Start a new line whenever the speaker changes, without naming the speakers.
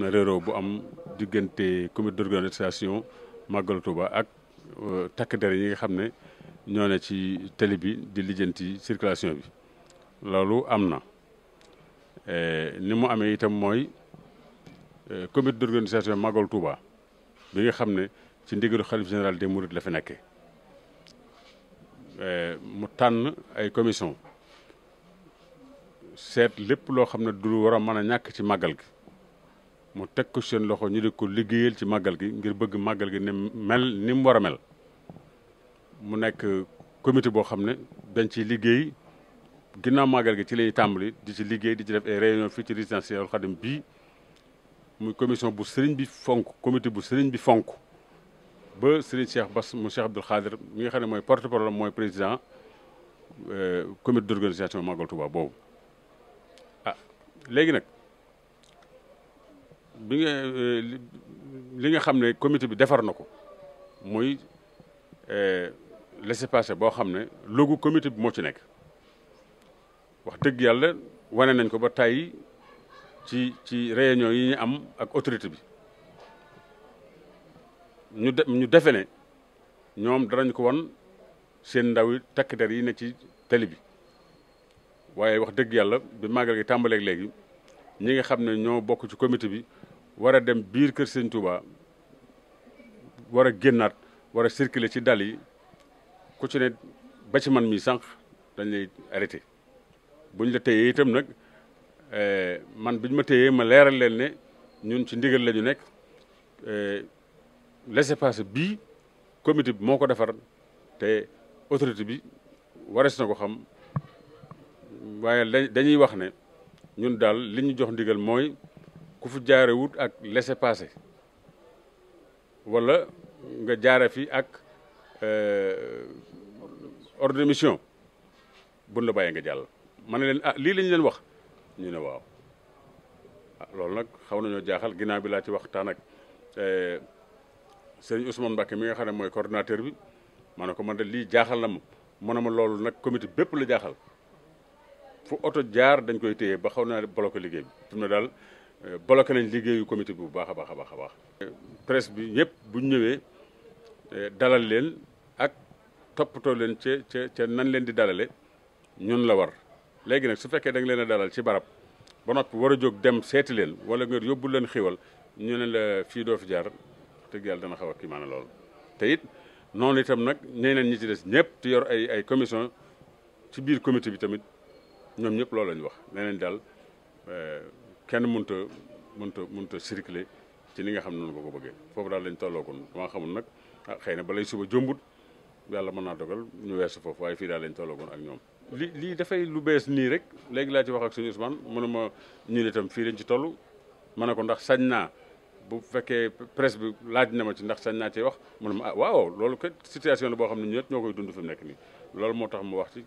am na réeroo bu am diggante comité d'organisation Màggalu Tuuba ak euh, takk der yi nga xam ne ñoo ne ci tali bi di lijjanti circulation bi loolu am na eh, ni mu amee itam mooy euh, comité d'organisation Màggalu Tuuba bi nga xam ne ci ndigalu xalif général des mourides la fi nekke eh, mu tànn ay commission seet lépp loo xam ne du war a mën a ñàkk ci màggal gi mu teg ko seen loxo ñu di ko liggéeyal ci màggal gi ngir bëgg màggal gi ni mel ni mu war a mel mu nekk comité boo xam ne dañ ciy liggéey ginnaaw màggal gi ci lay tàmbali di ci liggéey di ci def ay réunion fii ci résidence Cheikhoul Khadim bii mu commission bu sëriñ bi fonk comité bu sëriñ bi fonk ba sëriñ Cheikh Bass mu Cheikh Abdoul Khadir mi ngi xam ne mooy porte parole mooy président euh, comité d' organisation Magal Touba boobu ah léegi nag. bi nga li nga xam ne comité bi defar na ko muy eh, laissez-passer boo xam ne logo comité bi moo ci nekk wax dëgg yàlla wane nañ ko ba tàyyi ci ci réunion yi ñu am ak autorité bi ñu de ñu defe ne ñoom danañ ko wan seen ndaw yi takk yi ne ci tali bi waaye wax dëgg yàlla bi màggal gi tàmbaleeg léegi ñi nga xam ne ñoo bokk ci comité bi war a dem biir kër sëñ Touba war a génnaat war a circuler ci dal yi ku ci ne ba ci man mi sànq dañ lay arrêté buñ la téyee itam nag eh, man biñ ma téyee ma leeral leen ne ñun ci ndigal lañu ñu nekk eh, laissez-passer bii comité bi moo ko defar te autorité bi warees na ko xam waaye dañuy wax ne ñun daal li ñu jox ndigal mooy ku fu jaare wut ak laissez-passer wala nga jaare fi ak euh, ordre de bu buñ la bàyyee nga jàll ma ne leen ah lii lañ leen wax ñu ne waaw ah loolu nag xaw nañoo jaaxal ginnaaw bi laa ci waxtaan ak euh, sëriñ Ousmane Mbacke mi nga xam ne mooy coordonnateur bi ma ne ko man de lii jaaxal na ma mu ne ma loolu nag comité bépp la jaaxal fu oto jaar dañ koy téye ba xaw naa bloqué liggéey bi fi mu ne daal bloqué nañ liggéeyu comité bi bu baax a baax a baax a baax. presse bi yëpp bu ñu ñëwee eh, dalal leen ak toppatoo leen ce ca ca nan leen di dalale ñun la war léegi nag su fekkee da leen a dalal ci barab ba noppi war a jóg dem seeti leen wala nga yóbbu leen xiwal ñu ne la fii doo fi jaar tëgg yàlla dana xaw a kiimaane lool. te it noonu itam nag ñeneen ñi ci des ñëpp te yor ay ay commission ci biir comité bi tamit ñoom ñëpp loolu la wax nee nañ daal. Eh, kenn mënut a mënut a mënut a circuler ci ni nga xam ne noonu ko ko bëggee foofu daal lañ tolloo kon maa xamul nag ah xëy na balay suba jombut yàlla mën naa dogal ñu weesu foofu waaye fii daal lañ tolloo kon ak ñoom. li lii dafay lu bees nii rek léegi laa ci wax ak suñu Ousmane mënuma ñu ne tam fii lañ ci tollu ma ne ko ndax sañ naa bu fekkee presse bi laaj na ma ci ndax sañ naa cee wax mu ne ma ah waaw loolu kat situation la boo xam ne ñun ñoo koy dund fi mu nekk nii loolu moo tax mu wax ci.